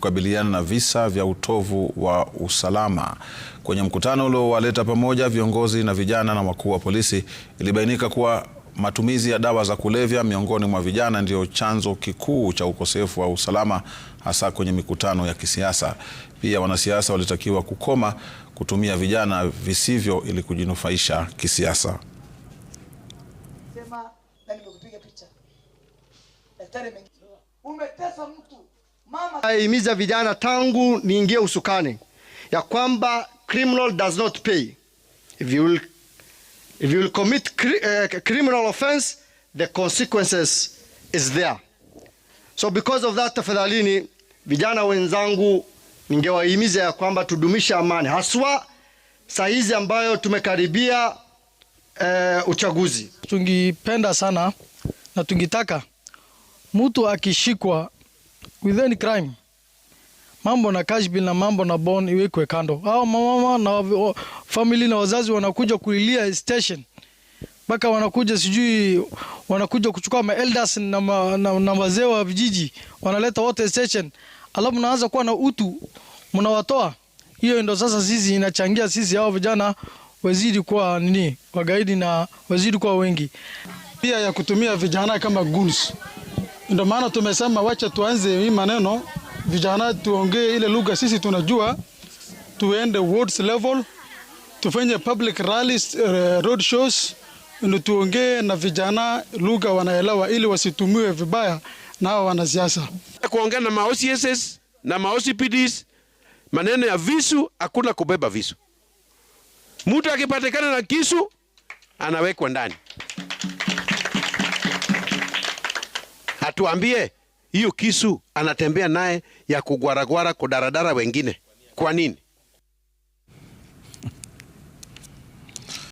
kukabiliana na visa vya utovu wa usalama. Kwenye mkutano uliowaleta pamoja viongozi na vijana na wakuu wa polisi, ilibainika kuwa matumizi ya dawa za kulevya miongoni mwa vijana ndiyo chanzo kikuu cha ukosefu wa usalama hasa kwenye mikutano ya kisiasa. Pia wanasiasa walitakiwa kukoma kutumia vijana visivyo ili kujinufaisha kisiasa. Sema, Mama ahimiza vijana tangu niingie usukani ya kwamba criminal does not pay. If you will, if you will commit cri uh, criminal offense, the consequences is there. So because of that, tafadhalini vijana wenzangu, ningewahimiza ya kwamba tudumishe amani haswa saa hizi ambayo tumekaribia uh, uchaguzi. Tungipenda sana na tungitaka mtu akishikwa with any crime. Mambo na cash bill na mambo na bond iwekwe kando. Hao mama na family na wazazi wanakuja kulilia station mpaka wanakuja sijui wanakuja kuchukua ma elders na, ma, na, na wazee wa vijiji wanaleta wote station, alafu mnaanza kuwa na utu, mnawatoa. Hiyo ndo sasa sisi inachangia sisi hao vijana wazidi kuwa nini wagaidi na wazidi kuwa wengi, pia ya kutumia vijana kama goons. Ndio maana tumesema wacha tuanze hii maneno, vijana tuongee ile lugha sisi tunajua, tuende wards level, tufanye public rallies, uh, road shows, ndio tuongee na vijana lugha wanaelewa, ili wasitumiwe vibaya na hao wanasiasa. Kuongea na maocs na maocpds, maneno ya visu, hakuna kubeba visu. Mtu akipatikana na kisu anawekwa ndani. atuambie hiyo kisu anatembea naye ya kugwaragwara kudaradara wengine kwa nini?